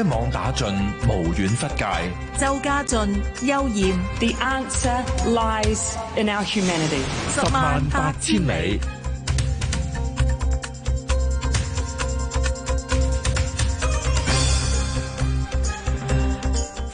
一網打盡，無遠弗屆。周家俊、邱艷，The answer lies in our humanity。十萬八千里，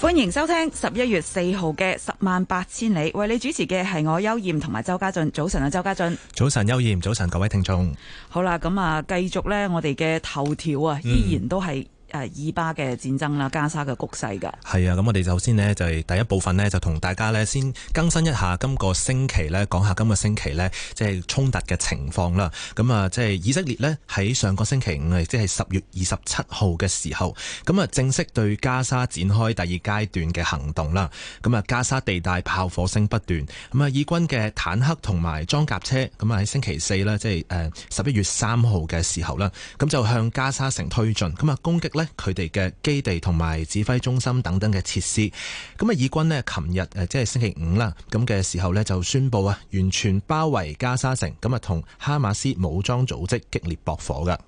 歡迎收聽十一月四號嘅十萬八千里，為你主持嘅係我邱艷同埋周家俊。早晨啊，周家俊。早晨，邱艷。早晨，各位聽眾。好啦，咁啊，繼續咧，我哋嘅頭條啊，依然都係、嗯。誒以巴嘅戰爭啦，加沙嘅局勢㗎。係啊，咁我哋首先呢，就係第一部分呢，就同大家呢，先更新一下今個星期呢，講下今個星期呢，即係衝突嘅情況啦。咁啊，即係以色列呢，喺上個星期五，即係十月二十七號嘅時候，咁啊正式對加沙展開第二階段嘅行動啦。咁啊，加沙地帶炮火聲不斷，咁啊以軍嘅坦克同埋裝甲車，咁啊喺星期四呢，即係誒十一月三號嘅時候啦，咁就向加沙城推進，咁啊攻擊呢。佢哋嘅基地同埋指揮中心等等嘅設施，咁啊以軍咧，琴日誒即係星期五啦，咁嘅時候咧就宣布啊，完全包圍加沙城，咁啊同哈馬斯武裝組織激烈駁火噶。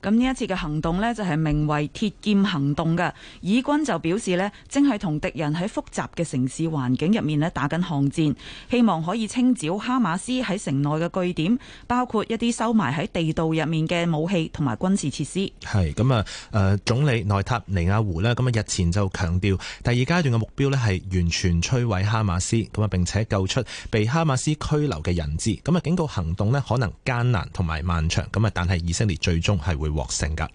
咁呢一次嘅行動呢，就係名為鐵劍行動嘅，以軍就表示呢，正係同敵人喺複雜嘅城市環境入面呢打緊巷戰，希望可以清剿哈馬斯喺城內嘅據點，包括一啲收埋喺地道入面嘅武器同埋軍事設施。係咁啊，誒總理內塔尼亞胡呢，咁啊日前就強調，第二階段嘅目標呢，係完全摧毀哈馬斯，咁啊並且救出被哈馬斯拘留嘅人質。咁啊警告行動呢，可能艱難同埋漫長，咁啊但係以色列最終。係會獲勝噶。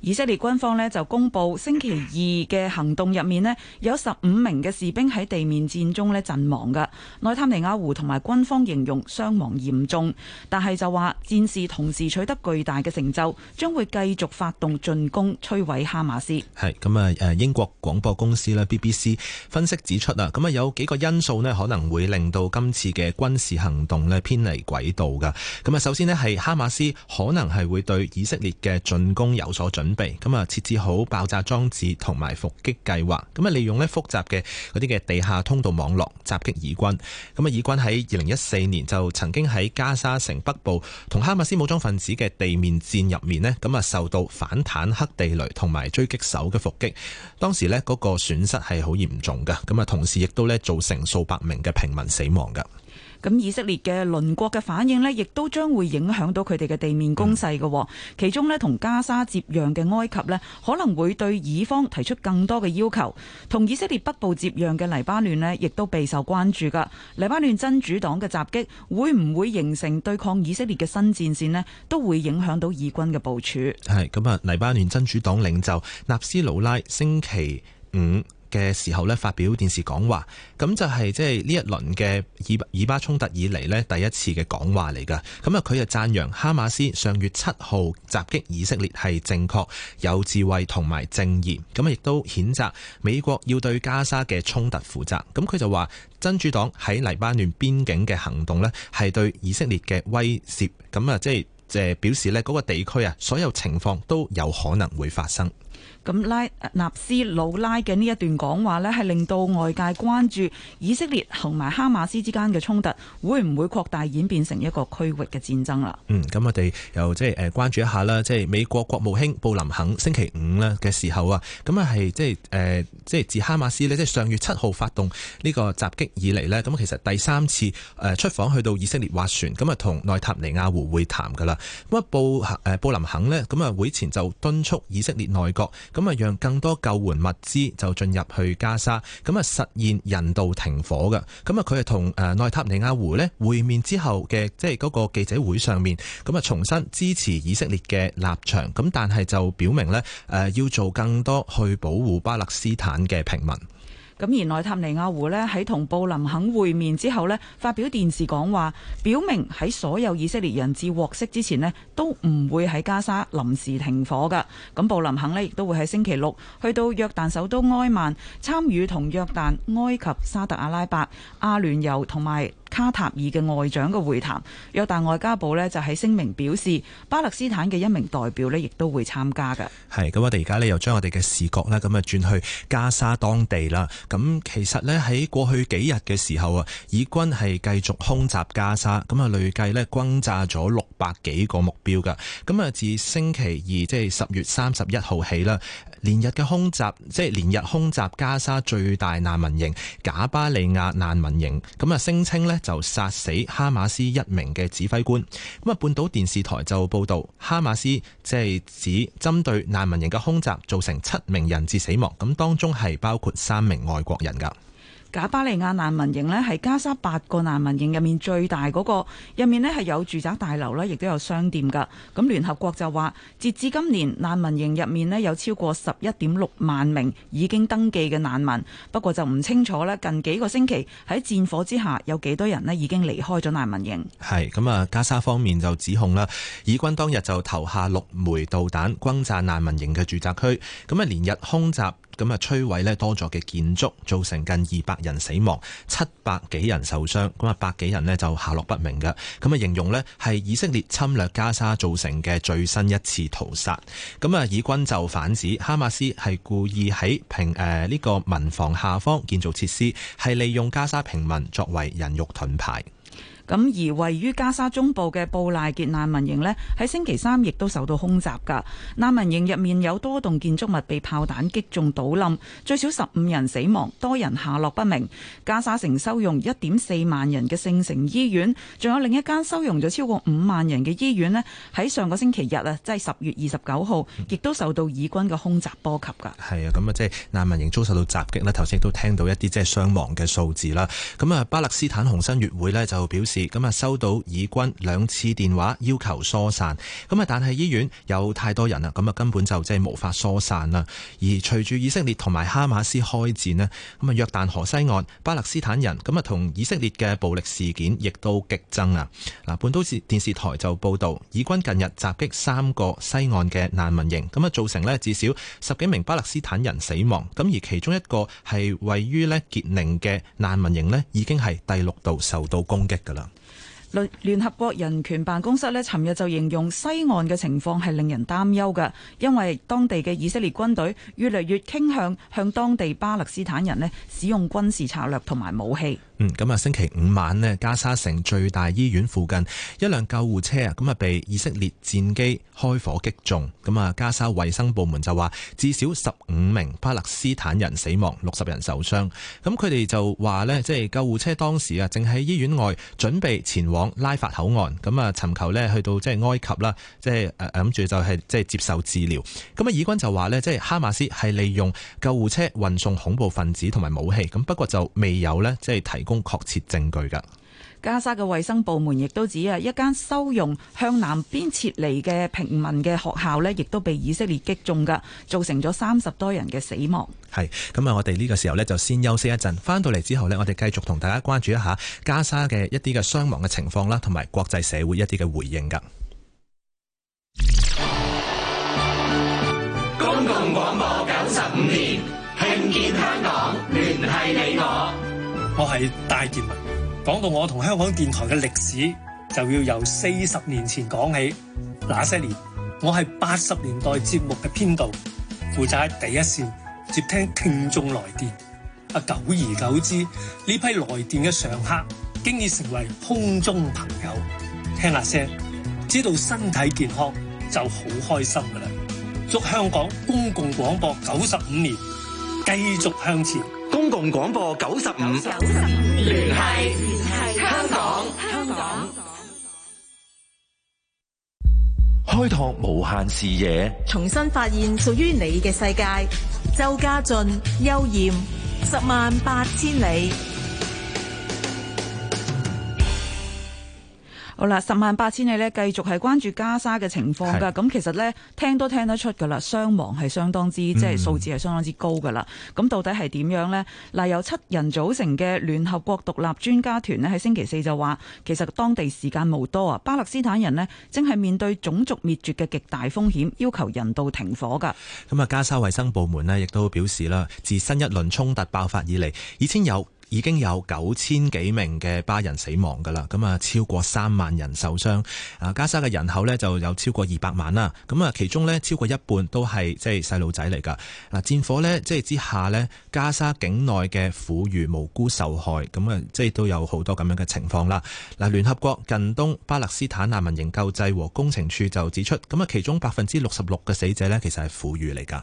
以色列軍方咧就公布星期二嘅行動入面咧，有十五名嘅士兵喺地面戰中咧陣亡噶。內塔尼亞胡同埋軍方形容傷亡嚴重，但係就話戰事同時取得巨大嘅成就，將會繼續發動進攻摧毀哈馬斯。係咁啊！誒、嗯、英國廣播公司咧 BBC 分析指出啊，咁、嗯、啊有幾個因素咧可能會令到今次嘅軍事行動咧偏離軌道噶。咁、嗯、啊首先咧係哈馬斯可能係會對以色列嘅進攻有所準。準備咁啊，設置好爆炸裝置同埋伏擊計劃，咁啊利用呢複雜嘅嗰啲嘅地下通道網絡襲擊以軍。咁啊，以軍喺二零一四年就曾經喺加沙城北部同哈密斯武裝分子嘅地面戰入面呢，咁啊受到反坦克地雷同埋狙擊手嘅伏擊，當時呢，嗰個損失係好嚴重噶。咁啊，同時亦都呢，造成數百名嘅平民死亡噶。咁以色列嘅鄰國嘅反應咧，亦都將會影響到佢哋嘅地面攻勢嘅、哦。嗯、其中咧，同加沙接壤嘅埃及呢，可能會對以方提出更多嘅要求。同以色列北部接壤嘅黎巴嫩咧，亦都備受關注噶。黎巴嫩真主黨嘅襲擊會唔會形成對抗以色列嘅新戰線呢？都會影響到以軍嘅部署。係咁啊！黎巴嫩真主黨領袖納斯魯拉星期五嘅時候咧，發表電視講話，咁就係即係呢一輪嘅以以巴衝突以嚟呢第一次嘅講話嚟噶。咁啊，佢就讚揚哈馬斯上月七號襲擊以色列係正確、有智慧同埋正義。咁啊，亦都譴責美國要對加沙嘅衝突負責。咁佢就話真主黨喺黎巴嫩邊境嘅行動呢係對以色列嘅威脅。咁啊，即係即係表示呢嗰個地區啊，所有情況都有可能會發生。咁拉納斯魯拉嘅呢一段講話呢，係令到外界關注以色列同埋哈馬斯之間嘅衝突會唔會擴大演變成一個區域嘅戰爭啦？嗯，咁我哋又即係誒關注一下啦，即係美國國務卿布林肯星期五呢嘅時候啊，咁啊係即係誒即係自哈馬斯呢，即係上月七號發動呢個襲擊以嚟呢。咁其實第三次誒出訪去到以色列斡旋，咁啊同內塔尼亞胡會談噶啦。咁啊布誒布林肯呢，咁啊會前就敦促以色列內閣。咁啊，讓更多救援物資就進入去加沙，咁啊實現人道停火嘅。咁啊，佢係同誒內塔尼亞胡咧會面之後嘅，即係嗰個記者會上面，咁啊重新支持以色列嘅立場。咁但係就表明咧誒，要做更多去保護巴勒斯坦嘅平民。咁內塔尼亞胡呢，喺同布林肯會面之後呢，發表電視講話，表明喺所有以色列人質獲釋之前呢，都唔會喺加沙臨時停火噶。咁布林肯呢亦都會喺星期六去到約旦首都埃曼，參與同約旦、埃及、沙特阿拉伯、阿聯酋同埋卡塔爾嘅外長嘅會談。約旦外交部呢就喺聲明表示，巴勒斯坦嘅一名代表呢亦都會參加嘅。係咁，我哋而家呢又將我哋嘅視角呢咁啊轉去加沙當地啦。咁其實呢喺過去幾日嘅時候啊，以軍係繼續空襲加沙，咁啊累計呢轟炸咗六百幾個目標㗎。咁啊自星期二即係十月三十一號起啦，連日嘅空襲即係連日空襲加沙最大難民營賈巴利亞難民營，咁啊聲稱呢就殺死哈馬斯一名嘅指揮官。咁啊，半島電視台就報道哈馬斯即係、就是、指針對難民營嘅空襲造成七名人質死亡，咁當中係包括三名外。外國人噶賈巴利亞難民營呢，係加沙八個難民營入面最大嗰個，入面呢，係有住宅大樓啦，亦都有商店噶。咁聯合國就話，截至今年難民營入面呢，有超過十一點六萬名已經登記嘅難民，不過就唔清楚呢近幾個星期喺戰火之下有幾多人呢已經離開咗難民營。係咁啊，加沙方面就指控啦，以軍當日就投下六枚導彈轟炸難民營嘅住宅區，咁啊連日空襲。咁啊，摧毀呢多座嘅建築，造成近二百人死亡，七百幾人受傷，咁啊百幾人呢就下落不明嘅。咁啊，形容呢係以色列侵略加沙造成嘅最新一次屠殺。咁啊，以軍就反指哈馬斯係故意喺平誒呢個民房下方建造設施，係利用加沙平民作為人肉盾牌。咁而位於加沙中部嘅布賴杰難民營呢喺星期三亦都受到空襲㗎。難民營入面有多棟建築物被炮彈擊中倒冧，最少十五人死亡，多人下落不明。加沙城收容一點四萬人嘅聖城醫院，仲有另一間收容咗超過五萬人嘅醫院呢喺上個星期日啊，即係十月二十九號，亦都受到以軍嘅空襲波及㗎。係啊，咁啊，即係難民營遭受到襲擊呢，頭先都聽到一啲即係傷亡嘅數字啦。咁啊，巴勒斯坦紅新月會呢就表示。咁啊收到以軍兩次電話要求疏散，咁啊但係醫院有太多人啦，咁啊根本就即係無法疏散啦。而隨住以色列同埋哈馬斯開戰呢，咁啊約旦河西岸巴勒斯坦人咁啊同以色列嘅暴力事件亦都激增啊！嗱，半島電視台就報道，以軍近日襲擊三個西岸嘅難民營，咁啊造成呢至少十幾名巴勒斯坦人死亡。咁而其中一個係位於呢傑寧嘅難民營呢，已經係第六度受到攻擊噶啦。聯合國人權辦公室咧，尋日就形容西岸嘅情況係令人擔憂㗎，因為當地嘅以色列軍隊越嚟越傾向向當地巴勒斯坦人咧使用軍事策略同埋武器。嗯，咁啊，星期五晚呢，加沙城最大醫院附近一輛救護車啊，咁啊，被以色列戰機開火擊中。咁啊，加沙衛生部門就話至少十五名巴勒斯坦人死亡，六十人受傷。咁佢哋就話呢，即係救護車當時啊，正喺醫院外準備前往拉法口岸，咁啊，尋求呢，去到即係埃及啦，即係誒諗住就係即係接受治療。咁啊，以軍就話呢，即係哈馬斯係利用救護車運送恐怖分子同埋武器。咁不過就未有呢，即係提供。公確切證據噶。加沙嘅衛生部門亦都指啊，一間收容向南邊撤離嘅平民嘅學校呢，亦都被以色列擊中噶，造成咗三十多人嘅死亡。係咁啊！我哋呢個時候呢，就先休息一陣，翻到嚟之後呢，我哋繼續同大家關注一下加沙嘅一啲嘅傷亡嘅情況啦，同埋國際社會一啲嘅回應噶。公共廣播九十五年，聽見香港，聯繫你我。我係戴建文，講到我同香港電台嘅歷史，就要由四十年前講起。那些年，我係八十年代節目嘅編導，負責喺第一線接聽聽眾來電。啊，久而久之，呢批來電嘅常客，經已成為空中朋友。聽下聲，知道身體健康就好開心噶啦。祝香港公共廣播九十五年繼續向前。公共廣播九十五，聯繫聯繫香港，香港，開拓無限視野，重新發現屬於你嘅世界。周家俊、悠豔，十萬八千里。好啦，十萬八千里呢繼續係關注加沙嘅情況㗎。咁是其實呢，聽都聽得出㗎啦，傷亡係相當之，嗯、即係數字係相當之高㗎啦。咁到底係點樣呢？嗱，由七人組成嘅聯合國獨立專家團呢，喺星期四就話，其實當地時間無多啊，巴勒斯坦人呢，正係面對種族滅絕嘅極大風險，要求人道停火㗎。咁啊，加沙衛生部門呢，亦都表示啦，自新一輪衝突爆發以嚟，以前有。已經有九千幾名嘅巴人死亡㗎啦，咁啊超過三萬人受傷。啊，加沙嘅人口呢就有超過二百萬啦，咁啊其中呢，超過一半都係即係細路仔嚟㗎。嗱，戰火呢，即係之下呢，加沙境內嘅婦孺無辜受害，咁啊即係都有好多咁樣嘅情況啦。嗱，聯合國近東巴勒斯坦難民營救濟和工程處就指出，咁啊其中百分之六十六嘅死者呢，其實係婦孺嚟㗎。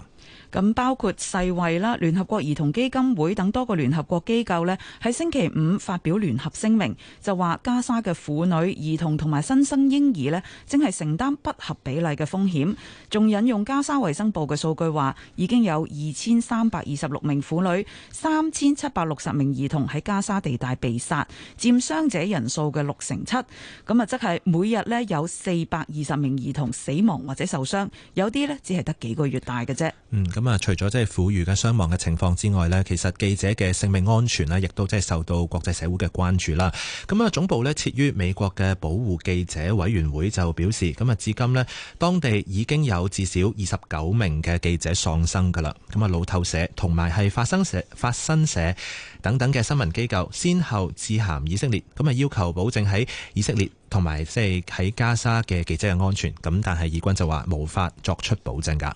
咁包括世衛啦、聯合國兒童基金會等多個聯合國機構咧，喺星期五發表聯合聲明，就話加沙嘅婦女、兒童同埋新生嬰兒咧，正係承擔不合比例嘅風險。仲引用加沙衛生部嘅數據話，已經有二千三百二十六名婦女、三千七百六十名兒童喺加沙地帶被殺，佔傷者人數嘅六成七。咁啊，即係每日咧有四百二十名兒童死亡或者受傷，有啲咧只係得幾個月大嘅啫。嗯，咁啊，除咗即係苦遇嘅傷亡嘅情況之外呢，其實記者嘅性命安全呢，亦都即係受到國際社會嘅關注啦。咁啊，總部呢設於美國嘅保護記者委員會就表示，咁啊，至今呢當地已經有至少二十九名嘅記者喪生噶啦。咁啊，路透社同埋係法新社、法新社等等嘅新聞機構先後致函以色列，咁啊，要求保證喺以色列同埋即係喺加沙嘅記者嘅安全。咁但係以軍就話無法作出保證噶。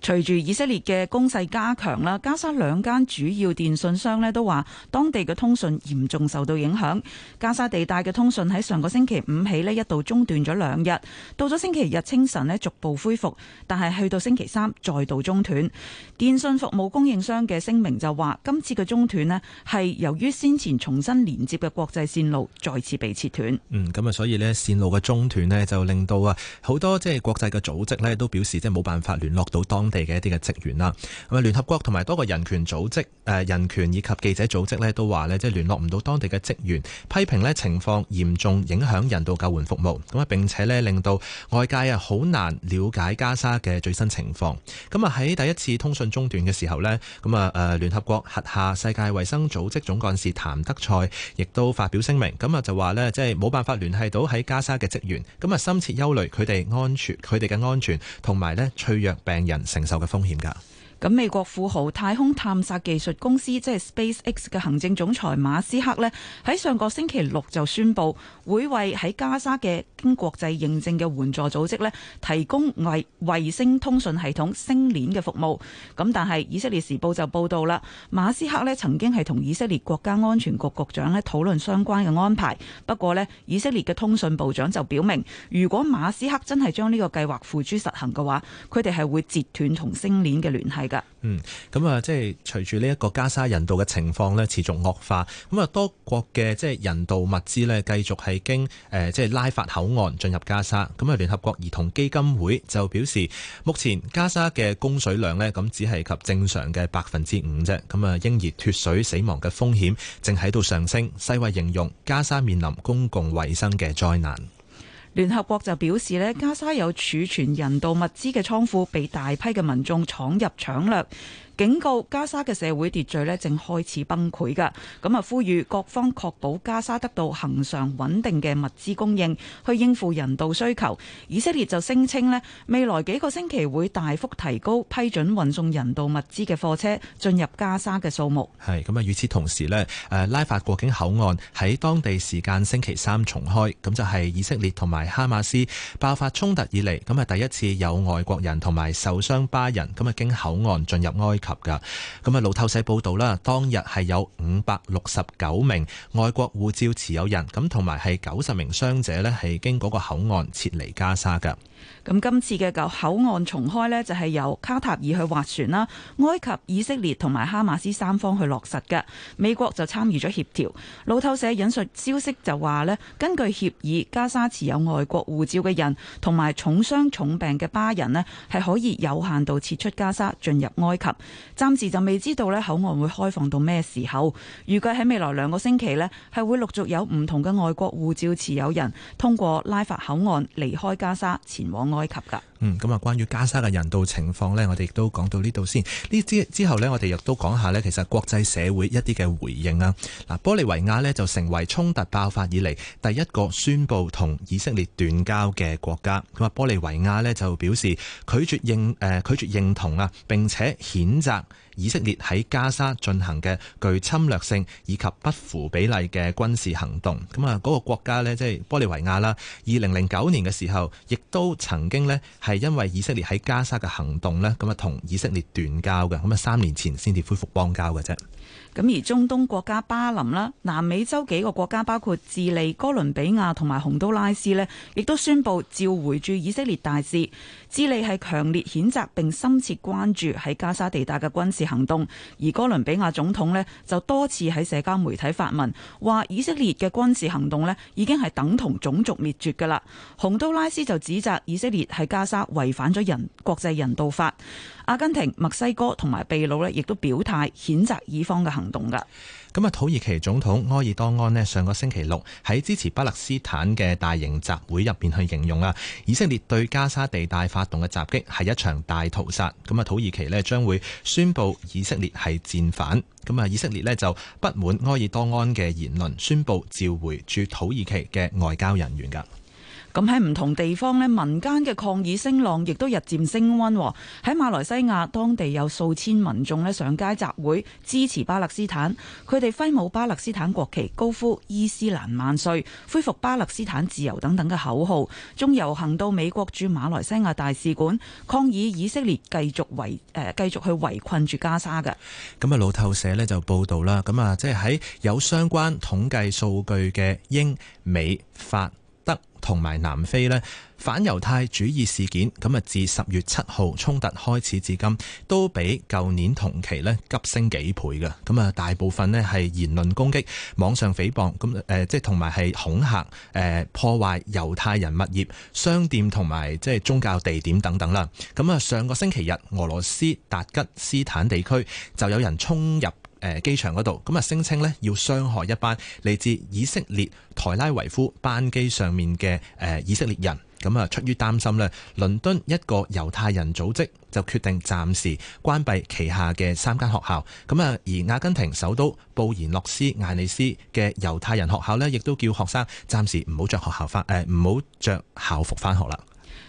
隨住以色列嘅攻勢加強啦，加沙兩間主要電信商咧都話當地嘅通訊嚴重受到影響。加沙地帶嘅通訊喺上個星期五起咧一度中斷咗兩日，到咗星期日清晨咧逐步恢復，但係去到星期三再度中斷。電信服務供應商嘅聲明就話，今次嘅中斷咧係由於先前重新連接嘅國際線路再次被切斷。嗯，咁啊，所以咧線路嘅中斷咧就令到啊好多即係國際嘅組織咧都表示即係冇辦法聯絡到當地。嚟嘅一啲嘅職員啦，咁啊聯合國同埋多個人權組織誒人權以及記者組織咧都話咧，即係聯絡唔到當地嘅職員，批評咧情況嚴重影響人道救援服務，咁啊並且咧令到外界啊好難了解加沙嘅最新情況，咁啊喺第一次通訊中斷嘅時候咧，咁啊誒聯合國轄下世界衛生組織總幹事譚德塞亦都發表聲明，咁啊就話咧即係冇辦法聯繫到喺加沙嘅職員，咁啊深切憂慮佢哋安全、佢哋嘅安全同埋咧脆弱病人。承受嘅風險㗎。咁美國富豪太空探索技術公司即係、就是、SpaceX 嘅行政總裁馬斯克呢，喺上個星期六就宣布會為喺加沙嘅經國際認證嘅援助組織呢提供衛衛星通訊系統星鏈嘅服務。咁但係以色列時報就報道啦，馬斯克呢曾經係同以色列國家安全局局長呢討論相關嘅安排。不過呢，以色列嘅通訊部長就表明，如果馬斯克真係將呢個計劃付諸實行嘅話，佢哋係會截斷同星鏈嘅聯繫。嗯，咁、嗯、啊，即係隨住呢一個加沙人道嘅情況咧，持續惡化，咁、嗯、啊，多國嘅即係人道物資咧，繼續係經誒、呃、即係拉法口岸進入加沙。咁、嗯、啊，聯合國兒童基金會就表示，目前加沙嘅供水量呢咁只係及正常嘅百分之五啫。咁啊，因、嗯、而脫水死亡嘅風險正喺度上升。世衛形容加沙面臨公共衛生嘅災難。聯合國就表示呢，加沙有儲存人道物資嘅倉庫被大批嘅民眾闖入搶掠。警告加沙嘅社會秩序咧，正開始崩潰㗎，咁啊呼籲各方確保加沙得到恒常穩定嘅物資供應，去應付人道需求。以色列就聲稱咧，未來幾個星期會大幅提高批准運送人道物資嘅貨車進入加沙嘅數目。係咁啊！與此同時咧，誒拉法國境口岸喺當地時間星期三重開，咁就係、是、以色列同埋哈馬斯爆發衝突以嚟咁啊第一次有外國人同埋受傷巴人咁啊經口岸進入埃及。及噶，咁啊路透社報道啦，當日係有五百六十九名外國護照持有人，咁同埋係九十名傷者呢，係經嗰個口岸撤離加沙噶。咁今次嘅口岸重開呢，就係由卡塔爾去劃船啦，埃及、以色列同埋哈馬斯三方去落實嘅，美國就參與咗協調。路透社引述消息就話呢，根據協議，加沙持有外國護照嘅人同埋重傷重病嘅巴人呢，係可以有限度撤出加沙，進入埃及。暫時就未知道呢，口岸會開放到咩時候，預計喺未來兩個星期呢，係會陸續有唔同嘅外國護照持有人通過拉法口岸離開加沙，前。往埃及噶。嗯，咁啊，關於加沙嘅人道情況呢，我哋亦都講到呢度先。呢之之後呢，我哋亦都講下呢，其實國際社會一啲嘅回應啊。嗱，玻利維亞呢，就成為衝突爆發以嚟第一個宣布同以色列斷交嘅國家。咁啊，玻利維亞呢，就表示拒絕認誒、呃、拒絕認同啊，並且譴責以色列喺加沙進行嘅具侵略性以及不符比例嘅軍事行動。咁啊，嗰個國家呢，即係玻利維亞啦。二零零九年嘅時候，亦都曾經呢。係因為以色列喺加沙嘅行動呢，咁啊同以色列斷交嘅，咁啊三年前先至恢復邦交嘅啫。咁而中東國家巴林啦、南美洲幾個國家包括智利、哥倫比亞同埋洪都拉斯呢，亦都宣布召回駐以色列大使。智利係強烈譴責並深切關注喺加沙地帶嘅軍事行動，而哥倫比亞總統呢，就多次喺社交媒體發文，話以色列嘅軍事行動呢，已經係等同種族滅絕㗎啦。洪都拉斯就指責以色列喺加沙違反咗人國際人道法。阿根廷、墨西哥同埋秘魯呢，亦都表態譴責以方嘅行動。動噶，咁啊，土耳其總統埃爾多安呢，上個星期六喺支持巴勒斯坦嘅大型集會入邊去形容啊，以色列對加沙地帶發動嘅襲擊係一場大屠殺，咁啊，土耳其呢將會宣布以色列係戰犯，咁啊，以色列呢就不滿埃爾多安嘅言論，宣布召回駐土耳其嘅外交人員噶。咁喺唔同地方呢，民間嘅抗議聲浪亦都日漸升溫。喺馬來西亞當地有數千民眾呢上街集會支持巴勒斯坦，佢哋揮舞巴勒斯坦國旗，高呼伊斯蘭萬歲、恢復巴勒斯坦自由等等嘅口號，仲遊行到美國駐馬來西亞大使館抗議以色列繼續圍誒繼續去圍困住加沙嘅。咁啊，路透社呢就報導啦，咁啊，即係喺有相關統計數據嘅英美法。同埋南非呢，反猶太主義事件咁啊，自十月七號衝突開始至今，都比舊年同期呢急升幾倍嘅咁啊。大部分呢係言論攻擊、網上誹謗咁誒，即係同埋係恐嚇誒破壞猶太人物業、商店同埋即係宗教地點等等啦。咁啊，上個星期日，俄羅斯達吉斯坦地區就有人衝入。誒機場嗰度，咁啊聲稱呢要傷害一班嚟自以色列台拉維夫班機上面嘅誒以色列人，咁啊出於擔心呢倫敦一個猶太人組織就決定暫時關閉旗下嘅三間學校，咁啊而阿根廷首都布宜諾斯艾利斯嘅猶太人學校呢，亦都叫學生暫時唔好着學校返誒唔好着校服返學啦。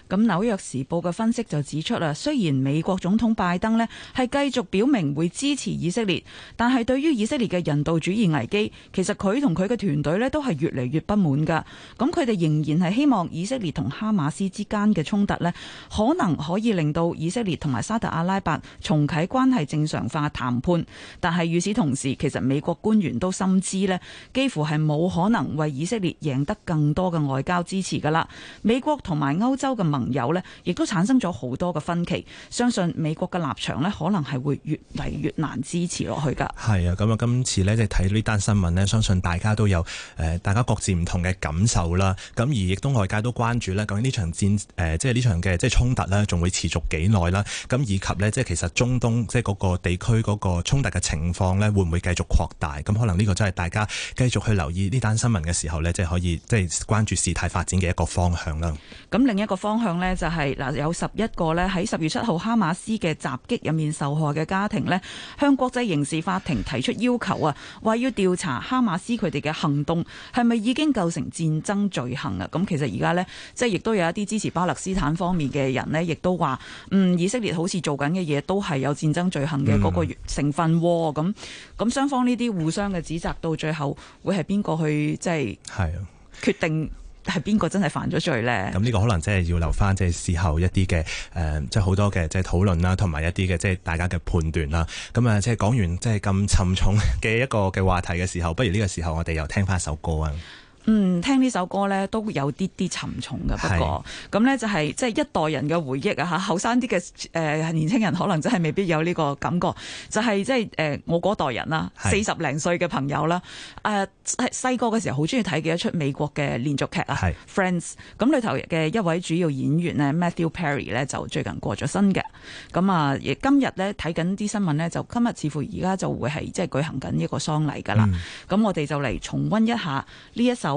咁《紐約時報》嘅分析就指出啦，雖然美國總統拜登咧，係繼續表明會支持以色列，但係對於以色列嘅人道主義危機，其實佢同佢嘅團隊咧都係越嚟越不滿噶。咁佢哋仍然係希望以色列同哈馬斯之間嘅衝突咧，可能可以令到以色列同埋沙特阿拉伯重啟關係正常化談判。但係與此同時，其實美國官員都深知咧，幾乎係冇可能為以色列贏得更多嘅外交支持噶啦。美國同埋歐洲嘅民朋友呢亦都產生咗好多嘅分歧，相信美國嘅立場呢可能係會越嚟越難支持落去噶。係啊，咁啊，今次呢即係睇到呢單新聞呢，相信大家都有誒大家各自唔同嘅感受啦。咁而亦都外界都關注咧，究竟呢場戰誒即係呢場嘅即係衝突呢仲會持續幾耐啦？咁以及呢即係其實中東即係嗰個地區嗰個衝突嘅情況呢會唔會繼續擴大？咁可能呢個真係大家繼續去留意呢單新聞嘅時候呢即係可以即係關注事態發展嘅一個方向啦。咁另一個方向。咁就係嗱，有十一個呢喺十月七號哈馬斯嘅襲擊入面受害嘅家庭呢，向國際刑事法庭提出要求啊，話要調查哈馬斯佢哋嘅行動係咪已經構成戰爭罪行啊？咁其實而家呢，即係亦都有一啲支持巴勒斯坦方面嘅人呢，亦都話，嗯，以色列好似做緊嘅嘢都係有戰爭罪行嘅嗰個成分喎。咁咁雙方呢啲互相嘅指責，到最後會係邊個去即係決定？但係邊個真係犯咗罪咧？咁呢個可能真係要留翻即係事後一啲嘅誒，即係好多嘅即係討論啦，同埋一啲嘅即係大家嘅判斷啦。咁啊，即係講完即係咁沉重嘅一個嘅話題嘅時候，不如呢個時候我哋又聽翻首歌啊！嗯，聽呢首歌咧，都有啲啲沉重嘅。不過咁咧是、嗯、就係即係一代人嘅回憶啊！吓後生啲嘅誒年輕、呃、人可能真係未必有呢個感覺，就係即係誒我嗰代人啦，四十零歲嘅朋友啦，誒細個嘅時候好中意睇幾多出美國嘅連續劇啊是，Friends。咁裏頭嘅一位主要演員咧，Matthew Perry 咧就最近過咗身嘅。咁、嗯、啊，亦今日咧睇緊啲新聞咧，就今日似乎而家就會係即係舉行緊呢個喪禮噶啦。咁我哋就嚟重溫一下呢一首。